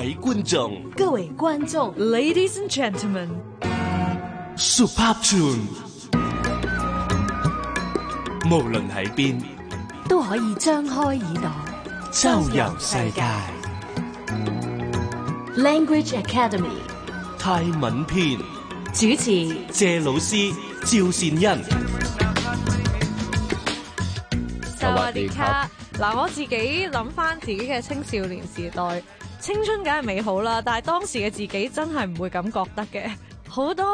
各位觀眾，各位觀眾，Ladies and Gentlemen，Super True，無論喺邊都可以張開耳朵周遊世界。Language Academy，泰文篇；主持謝老師趙善恩。就話啲卡嗱，我自己諗翻自己嘅青少年時代。青春梗係美好啦，但係當時嘅自己真係唔會咁覺得嘅，好多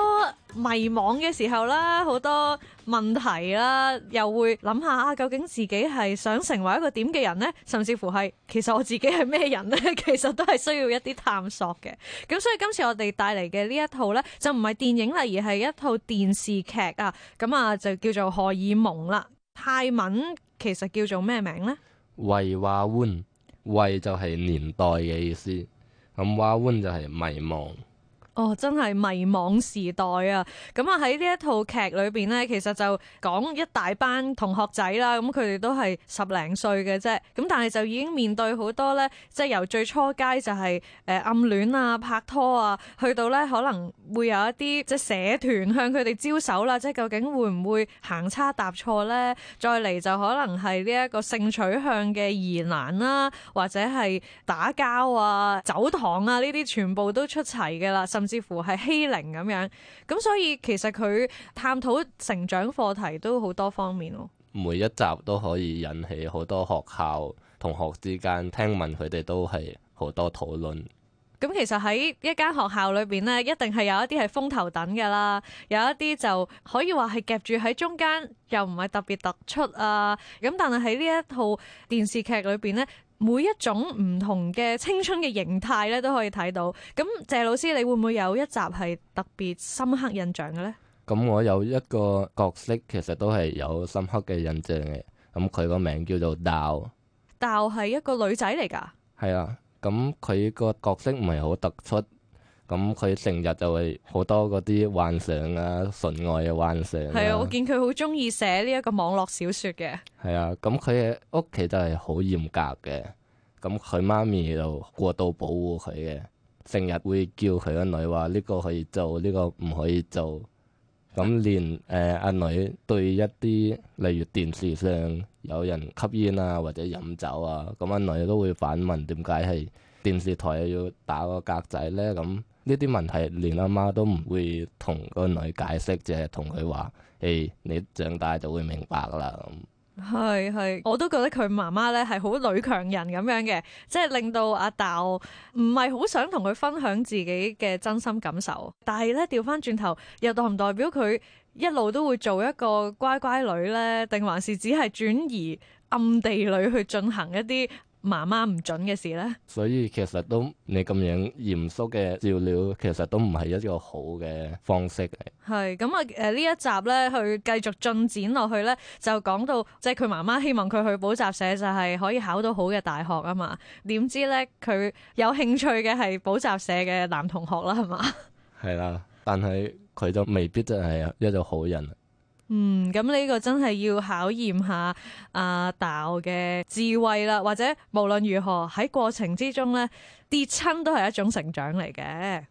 迷惘嘅時候啦，好多問題啦，又會諗下啊，究竟自己係想成為一個點嘅人呢？甚至乎係，其實我自己係咩人呢？其實都係需要一啲探索嘅。咁所以今次我哋帶嚟嘅呢一套呢，就唔係電影啦，而係一套電視劇啊。咁啊，就叫做荷爾蒙啦。泰文其實叫做咩名呢？維華溫。位就係年代嘅意思，咁 unknown 就係迷茫。哦，真係迷茫時代啊！咁啊，喺呢一套劇裏邊呢，其實就講一大班同學仔啦，咁佢哋都係十零歲嘅啫，咁但係就已經面對好多呢，即係由最初階就係誒暗戀啊、拍拖啊，去到呢可能會有一啲即係社團向佢哋招手啦，即係究竟會唔會行差踏錯呢？再嚟就可能係呢一個性取向嘅疑難啦，或者係打交啊、走堂啊，呢啲全部都出齊嘅啦，甚甚至乎係欺凌咁樣，咁所以其實佢探討成長課題都好多方面咯。每一集都可以引起好多學校同學之間聽聞，佢哋都係好多討論。咁其實喺一間學校裏邊呢，一定係有一啲係風頭等噶啦，有一啲就可以話係夾住喺中間，又唔係特別突出啊。咁但係喺呢一套電視劇裏邊呢。每一種唔同嘅青春嘅形態咧，都可以睇到。咁，謝老師，你會唔會有一集係特別深刻印象嘅咧？咁我有一個角色，其實都係有深刻嘅印象嘅。咁佢個名叫做道。道係一個女仔嚟噶。係啊，咁佢個角色唔係好突出。咁佢成日就會好多嗰啲幻想啊，純愛嘅幻想啊。係啊，我見佢好中意寫呢一個網絡小説嘅。係啊，咁佢嘅屋企就係好嚴格嘅，咁佢媽咪就過度保護佢嘅，成日會叫佢個女話呢個可以做，呢個唔可以做。咁連誒阿女對一啲例如電視上有人吸煙啊或者飲酒啊，咁阿女都會反問點解係電視台要打個格仔咧？咁呢啲問題連阿媽都唔會同個女解釋，就係同佢話：誒，你長大就會明白啦。係係，我都覺得佢媽媽咧係好女強人咁樣嘅，即係令到阿豆唔係好想同佢分享自己嘅真心感受。但係咧，調翻轉頭又代唔代表佢一路都會做一個乖乖女咧？定還是只係轉移暗地裏去進行一啲？媽媽唔準嘅事咧，所以其實都你咁樣嚴肅嘅照料，其實都唔係一個好嘅方式嚟。係咁啊！誒呢一集咧，繼進去繼續進展落去咧，就講到即係佢媽媽希望佢去補習社，就係可以考到好嘅大學啊嘛。點知咧，佢有興趣嘅係補習社嘅男同學啦，係嘛？係啦，但係佢就未必真係一個好人。嗯，咁呢個真係要考驗下阿豆嘅智慧啦，或者無論如何喺過程之中咧跌親都係一種成長嚟嘅。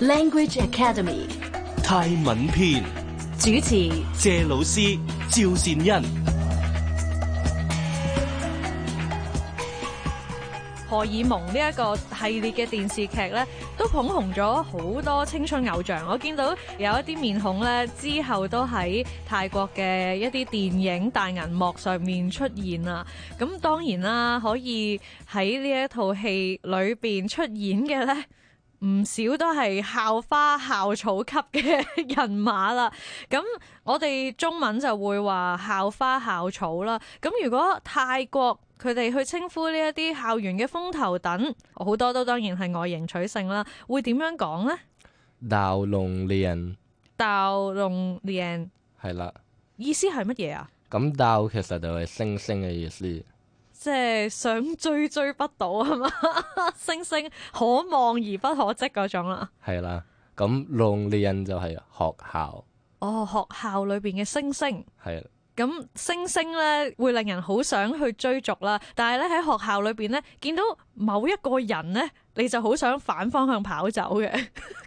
Language Academy 泰文篇主持：謝老師趙善恩。荷爾蒙呢一個系列嘅電視劇呢，都捧紅咗好多青春偶像。我見到有一啲面孔呢，之後都喺泰國嘅一啲電影大銀幕上面出現啦。咁當然啦，可以喺呢一套戲裏邊出演嘅呢，唔少都係校花校草級嘅人馬啦。咁我哋中文就會話校花校草啦。咁如果泰國？佢哋去稱呼呢一啲校園嘅風頭躉，好多都當然係外形取勝啦。會點樣講呢？「斗龍人，斗龍人，係啦。意思係乜嘢啊？咁斗其實就係星星嘅意思，即係想追追不到啊嘛！ 星星可望而不可即嗰種啦。係啦，咁龍人就係學校。哦，學校裏邊嘅星星係咁星星咧會令人好想去追逐啦，但係咧喺學校裏邊咧見到某一個人咧，你就好想反方向跑走嘅，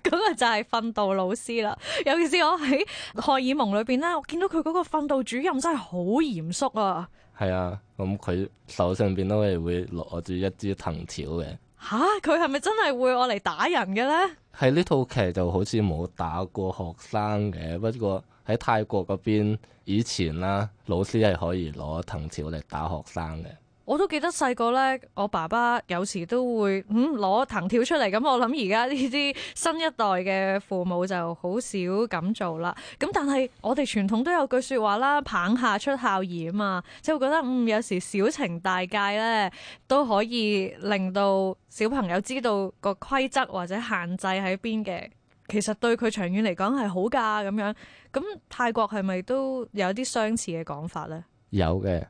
咁 啊就係訓導老師啦。尤其是我喺荷爾蒙裏邊咧，我見到佢嗰個訓導主任真係好嚴肅啊。係啊，咁、嗯、佢手上邊都係會攞住一支藤條嘅。吓、啊，佢係咪真係會攞嚟打人嘅咧？喺呢套劇就好似冇打過學生嘅，不過。喺泰國嗰邊，以前啦，老師係可以攞藤條嚟打學生嘅。我都記得細個咧，我爸爸有時都會嗯攞藤條出嚟。咁我諗而家呢啲新一代嘅父母就好少咁做啦。咁但係我哋傳統都有句説話啦，棒下出孝兒啊嘛，即係會覺得嗯有時小懲大誡咧都可以令到小朋友知道個規則或者限制喺邊嘅。其實對佢長遠嚟講係好噶咁樣。咁泰國係咪都有啲相似嘅講法咧？有嘅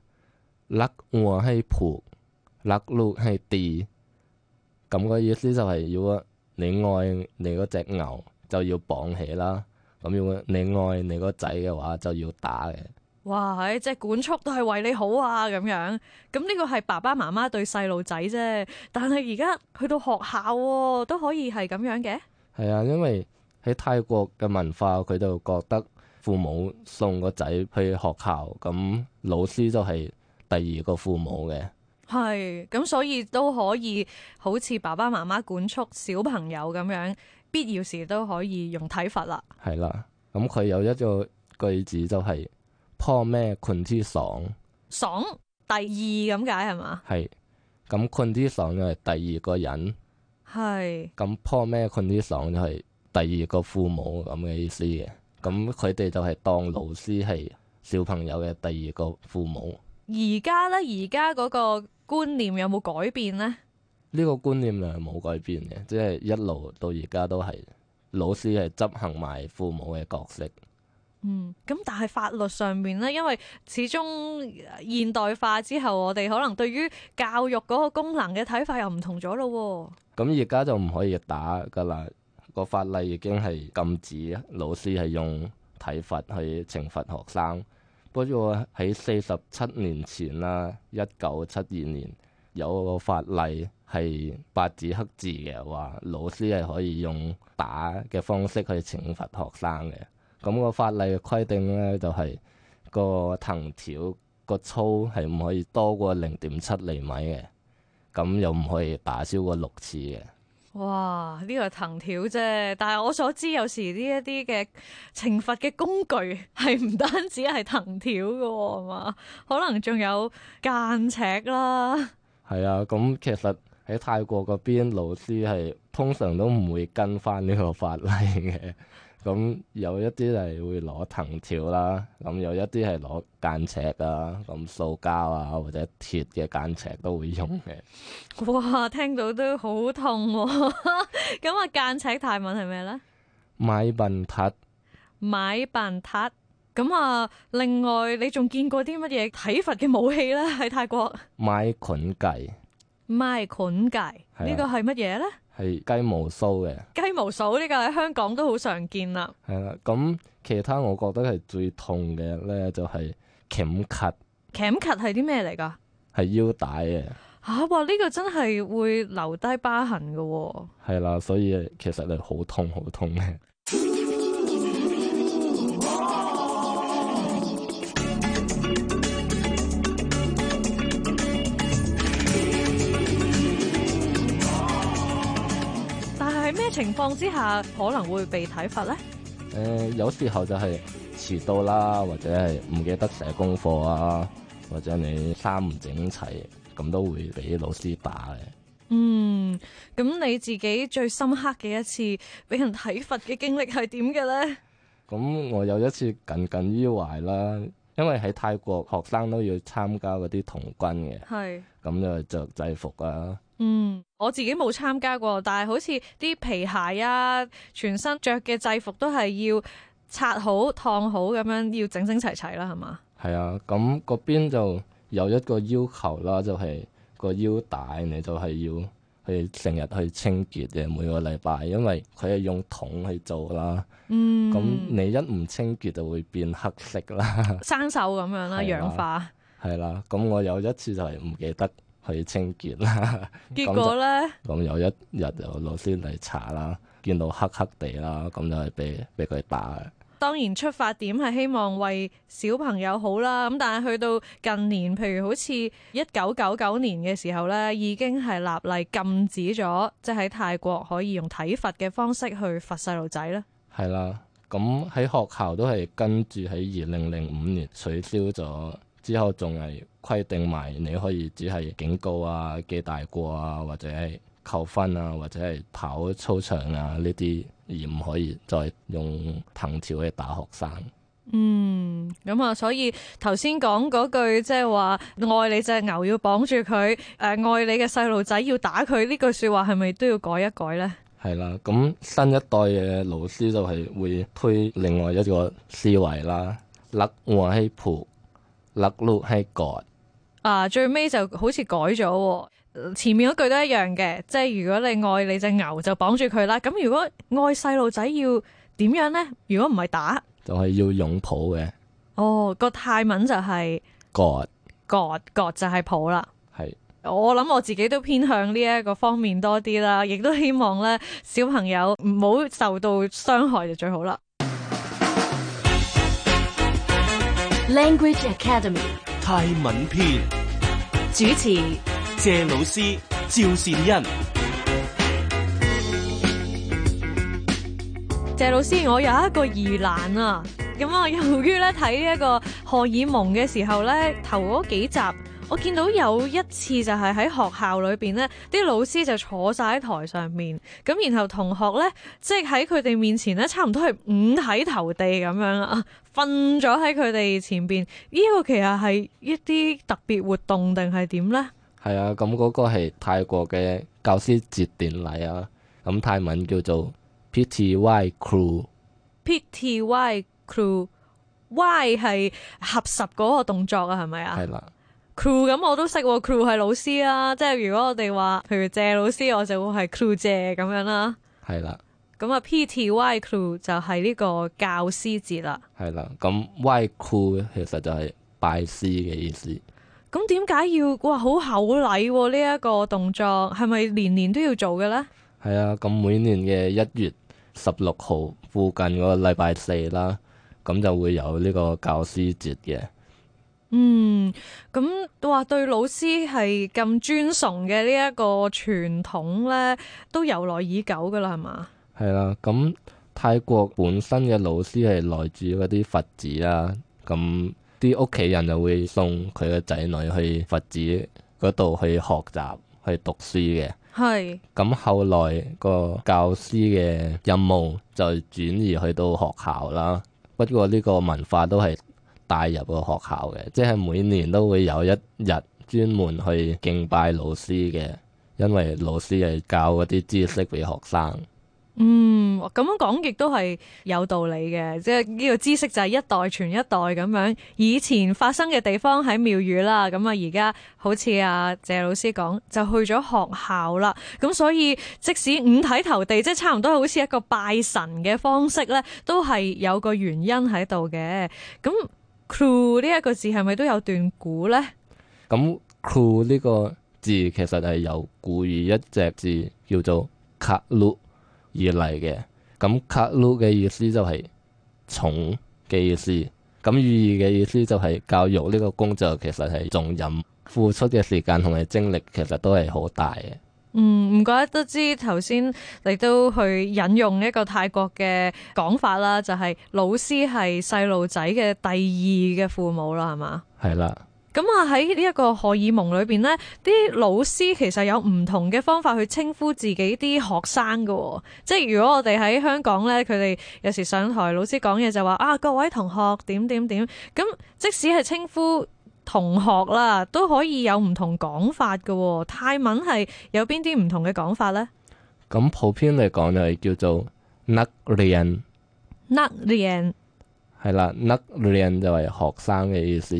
，Lakwa” 甩我係蒲，甩路係地，咁個意思就係、是、如果你愛你嗰隻牛就要綁起啦，咁如果你愛你個仔嘅話就要打嘅。哇，即係管束都係為你好啊，咁樣，咁呢個係爸爸媽媽對細路仔啫，但係而家去到學校、啊、都可以係咁樣嘅。係啊，因為喺泰國嘅文化，佢就覺得父母送個仔去學校，咁老師就係第二個父母嘅。係，咁所以都可以好似爸爸媽媽管束小朋友咁樣，必要時都可以用體罰啦。係啦、啊，咁佢有一個句子就係、是：破咩困之爽，爽第二咁解係嘛？係，咁困之爽就係第二個人。係咁，po 咩困啲爽就係第二個父母咁嘅意思嘅，咁佢哋就係當老師係小朋友嘅第二個父母。而家呢，而家嗰個觀念有冇改變呢？呢個觀念就係冇改變嘅，即係一路到而家都係老師係執行埋父母嘅角色。嗯，咁但係法律上面咧，因為始終現代化之後，我哋可能對於教育嗰個功能嘅睇法又唔同咗咯。咁而家就唔可以打㗎喇，個法例已經係禁止老師係用體罰去懲罰學生。不過喺四十七年前啦，一九七二年有個法例係白紙黑字嘅話，老師係可以用打嘅方式去懲罰學生嘅。咁個法例嘅規定咧，就係、是、個藤條個粗係唔可以多過零點七厘米嘅，咁又唔可以打超過六次嘅。哇！呢個係藤條啫，但係我所知有時呢一啲嘅懲罰嘅工具係唔單止係藤條噶嘛、哦，可能仲有間尺啦。係 啊，咁其實喺泰國嗰邊，老師係通常都唔會跟翻呢個法例嘅。咁有一啲係會攞藤條啦，咁有一啲係攞間尺啊，咁塑膠啊或者鐵嘅間尺都會用嘅。哇，聽到都好痛喎！咁啊，間 尺泰文係咩咧？My 笨撻，my 笨撻。咁啊，另外你仲見過啲乜嘢體罰嘅武器咧？喺泰國？m 捆計，m 捆計，呢個係乜嘢咧？係雞毛掃嘅，雞毛掃呢個喺香港都好常見啦。係啦，咁其他我覺得係最痛嘅咧？就係、是、鉗咳。鉗咳係啲咩嚟噶？係腰帶嘅。吓、啊，哇呢、這個真係會留低疤痕噶、啊。係啦，所以其實你好痛，好痛嘅。情況之下可能會被體罰咧？誒、呃，有時候就係遲到啦，或者係唔記得寫功課啊，或者你衫唔整齊，咁都會俾老師打嘅。嗯，咁你自己最深刻嘅一次俾人體罰嘅經歷係點嘅咧？咁、嗯、我有一次耿耿於懷啦，因為喺泰國學生都要參加嗰啲童軍嘅，係咁是就着制服啊。嗯，mm, 我自己冇參加過，但係好似啲皮鞋啊，全身着嘅制服都係要擦好、燙好咁樣，要整整齊齊啦，係嘛？係啊，咁嗰邊就有一個要求啦，就係、是、個腰帶你就係要係成日去清潔嘅每個禮拜，因為佢係用銅去做啦。嗯，咁你一唔清潔就會變黑色啦，生鏽咁樣啦， yeah, 氧化。係啦，咁我有一次就係唔記得。去清潔啦，結果呢，咁有一日又老師嚟查啦，見到黑黑地啦，咁就係被被佢打。當然出發點係希望為小朋友好啦，咁但係去到近年，譬如好似一九九九年嘅時候呢，已經係立例禁止咗，即係喺泰國可以用體罰嘅方式去罰細路仔咧。係啦，咁喺學校都係跟住喺二零零五年取消咗。之後仲係規定埋你可以只係警告啊、記大過啊，或者係扣分啊，或者係跑操場啊呢啲，而唔可以再用藤條去打學生。嗯，咁、嗯、啊，所以頭先講嗰句，即係話愛你隻牛要綁住佢，誒，愛你嘅細路仔要打佢呢句說話，係咪都要改一改呢？係啦，咁、嗯、新一代嘅老師就係會推另外一個思維啦，甩外喺「Love 勒路係 God 啊，最尾就好似改咗，啊，前面嗰句都一樣嘅，即係如果你愛你隻牛就綁住佢啦，咁如果愛細路仔要點樣呢？如果唔係打，就係要擁抱嘅。哦，個泰文就係，是，God，God，God God 就係抱啦。係是，我諗我自己都偏向呢一個方面多啲啦，亦都希望咧小朋友唔好受到傷害就最好啦。Language Academy，泰文篇，主持，謝老師，趙善恩，謝老師，我有一個疑難啊，咁、嗯、啊，我由於咧睇一個荷爾蒙嘅時候咧，頭幾集。我見到有一次就係喺學校裏邊呢啲老師就坐晒喺台上面，咁然後同學呢，即係喺佢哋面前呢，差唔多係五體投地咁樣啊，瞓咗喺佢哋前邊。呢個其實係一啲特別活動定係點呢？係啊，咁嗰個係泰國嘅教師節典禮啊，咁泰文叫做 Pty i Crew。Pty i Crew，Y 係合十嗰個動作啊，係咪啊？係啦。crew 咁我都識，crew 係老師啦、啊，即係如果我哋話，譬如謝老師，我就會係 crew 謝咁樣啦、啊。係啦的，咁啊，P T Y crew 就係呢個教師節啦。係啦，咁 Y crew 其實就係拜師嘅意思。咁點解要話好厚禮呢一個動作？係咪年年都要做嘅咧？係啊，咁每年嘅一月十六號附近嗰個禮拜四啦，咁就會有呢個教師節嘅。嗯，咁話對老師係咁尊崇嘅呢一個傳統呢，都由來已久噶啦，係嘛？係啦，咁泰國本身嘅老師係來自嗰啲佛寺啦，咁啲屋企人就會送佢嘅仔女去佛寺嗰度去學習去讀書嘅。係。咁後來個教師嘅任務就轉移去到學校啦。不過呢個文化都係。帶入個學校嘅，即係每年都會有一日專門去敬拜老師嘅，因為老師係教嗰啲知識俾學生。嗯，咁樣講亦都係有道理嘅，即係呢個知識就係一代傳一代咁樣。以前發生嘅地方喺廟宇啦，咁啊而家好似阿謝老師講，就去咗學校啦。咁所以即使五體投地，即係差唔多，好似一個拜神嘅方式呢，都係有個原因喺度嘅。咁 cool 呢一個字係咪都有段古呢？咁 cool 呢個字其實係由古語一隻字叫做卡魯而嚟嘅。咁卡魯嘅意思就係重嘅意思，咁寓意嘅意思就係教育呢個工作其實係重任，付出嘅時間同埋精力其實都係好大嘅。嗯，唔怪得知頭先你都去引用一個泰國嘅講法啦，就係老師係細路仔嘅第二嘅父母啦，係嘛？係啦。咁啊喺呢一個荷爾蒙裏邊呢，啲老師其實有唔同嘅方法去稱呼自己啲學生噶，即係如果我哋喺香港呢，佢哋有時上台老師講嘢就話啊各位同學點點點，咁即使係稱呼。同學啦，都可以有唔同講法嘅喎。泰文係有邊啲唔同嘅講法咧？咁普遍嚟講就係叫做 nakrian，nakrian 係啦，nakrian 就係學生嘅意思。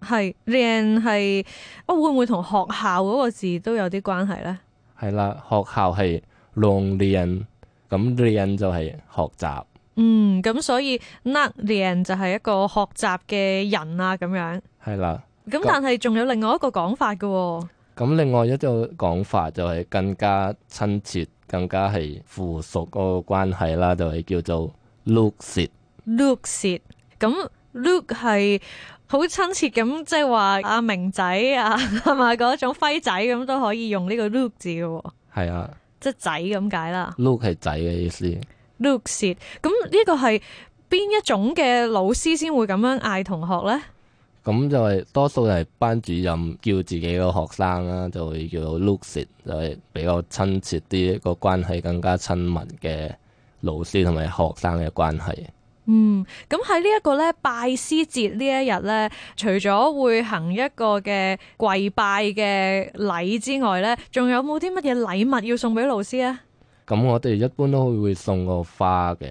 係，rian 係哦，會唔會同學校嗰個字都有啲關係咧？係啦，學校係 longrian，咁 rian 就係學習。嗯，咁所以 nakrian 就係一個學習嘅人啊，咁樣。係啦。咁但係仲有另外一個講法噶、哦，咁另外一個講法就係更加親切，更加係附屬嗰個關係啦，就係、是、叫做 look sit，look sit，s s 咁 look 係好親切咁，即係話阿明仔啊，係咪嗰種輝仔咁都可以用呢個 look 字噶、哦，係啊，即係仔咁解啦，look 係仔嘅意思，look sit，s 咁呢個係邊一種嘅老師先會咁樣嗌同學咧？咁就係多數係班主任叫自己嘅學生啦，就會叫 Lucid，就係比較親切啲，一個關係更加親密嘅老師同埋學生嘅關係。嗯，咁喺呢一個咧拜師節呢一日咧，除咗會行一個嘅跪拜嘅禮之外咧，仲有冇啲乜嘢禮物要送俾老師啊？咁我哋一般都會會送個花嘅，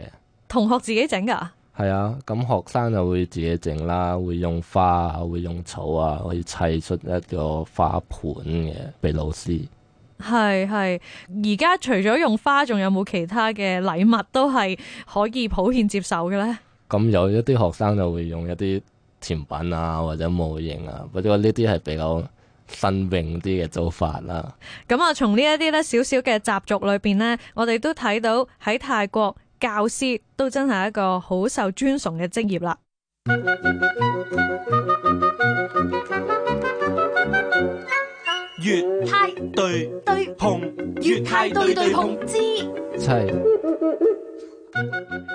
同學自己整噶。係啊，咁學生就會自己整啦，會用花，會用草啊，可以砌出一個花盤嘅俾老師。係係，而家除咗用花，仲有冇其他嘅禮物都係可以普遍接受嘅呢？咁有一啲學生就會用一啲甜品啊，或者模型啊，或者呢啲係比較新穎啲嘅做法啦。咁啊，從呢一啲咧少少嘅習俗裏邊呢，我哋都睇到喺泰國。教師都真係一個好受尊崇嘅職業啦。粵泰對對碰，粵泰對對碰，妻。妻。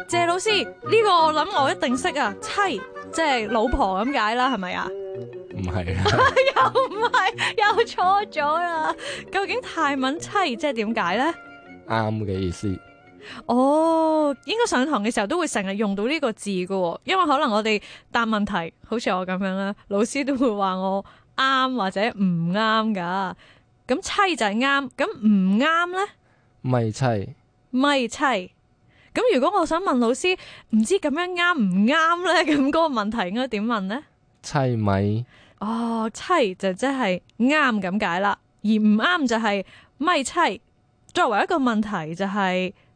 謝老師，呢、這個我諗我一定識啊，妻即係老婆咁解啦，係咪啊？唔係啊？又唔係？又錯咗啊。究竟泰文妻即係點解咧？啱嘅意思。哦，oh, 應該上堂嘅時候都會成日用到呢個字噶喎，因為可能我哋答問題，好似我咁樣啦，老師都會話我啱或者唔啱噶。咁妻就係啱，咁唔啱呢？接「咪妻咪妻。咁如果我想問老師，唔知咁樣啱唔啱呢？咁嗰個問題應該點問呢？「妻咪哦，妻、oh, 就即係啱咁解啦，而唔啱就係咪妻。作為一個問題就係、是。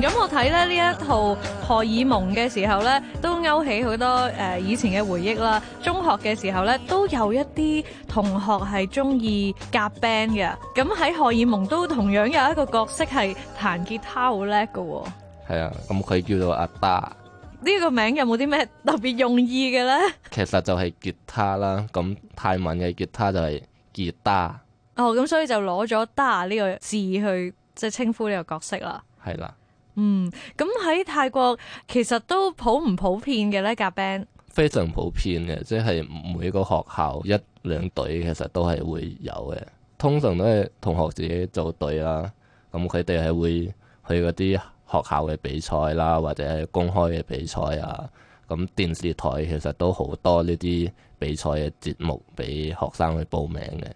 咁、嗯、我睇咧呢一套荷爾蒙嘅時候咧，都勾起好多誒、呃、以前嘅回憶啦。中學嘅時候咧，都有一啲同學係中意夾 band 嘅。咁、嗯、喺荷爾蒙都同樣有一個角色係彈吉他好叻嘅。係啊，咁佢叫做阿達。呢個名有冇啲咩特別用意嘅咧？其實就係吉他啦。咁泰文嘅吉他就係吉他。哦，咁所以就攞咗達呢個字去即係稱呼呢個角色啦。係啦。嗯，咁喺泰國其實都普唔普遍嘅呢夾 band？非常普遍嘅，即係每個學校一兩隊，其實都係會有嘅。通常都係同學自己組隊啦，咁佢哋係會去嗰啲學校嘅比賽啦，或者係公開嘅比賽啊。咁電視台其實都好多呢啲比賽嘅節目俾學生去報名嘅。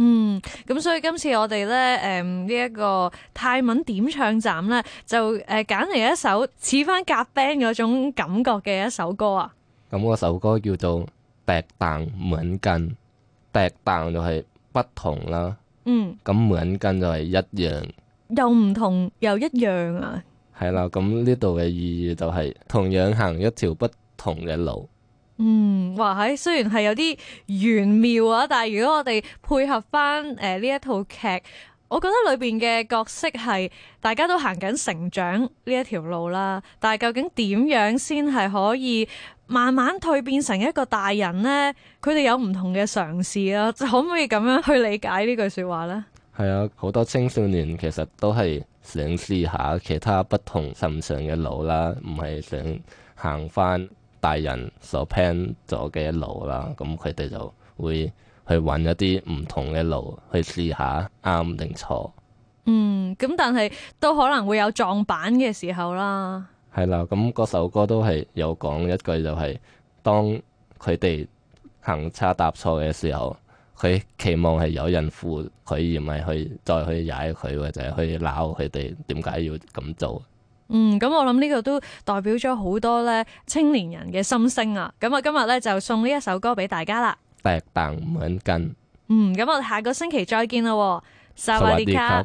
嗯，咁所以今次我哋咧，誒呢一個泰文點唱站咧，就誒揀嚟一首似翻夾 band 嗰種感覺嘅一首歌啊。咁嗰首歌叫做《疊彈滿韻》，疊彈就係不同啦。嗯。咁滿韻就係一樣。又唔同又一樣啊？係啦，咁呢度嘅意義就係同樣行一條不同嘅路。嗯，話係雖然係有啲玄妙啊，但係如果我哋配合翻誒呢一套劇，我覺得裏邊嘅角色係大家都行緊成長呢一條路啦。但係究竟點樣先係可以慢慢蛻變成一個大人呢？佢哋有唔同嘅嘗試啦，可唔可以咁樣去理解呢句說話呢？係啊，好多青少年其實都係嘗試下其他不同尋常嘅路啦，唔係想行翻。大人所 plan 咗嘅路啦，咁佢哋就會去揾一啲唔同嘅路去試下啱定錯。嗯，咁但係都可能會有撞板嘅時候啦。係啦，咁嗰首歌都係有講一句，就係，就係當佢哋行差踏錯嘅時候，佢期望係有人扶佢，而唔係去再去踩佢或者去鬧佢哋，點解要咁做？嗯，咁我諗呢個都代表咗好多咧青年人嘅心聲啊！咁啊今日咧就送呢一首歌俾大家啦。唔肯跟。嗯，咁我哋下個星期再見啦。薩瓦迪卡。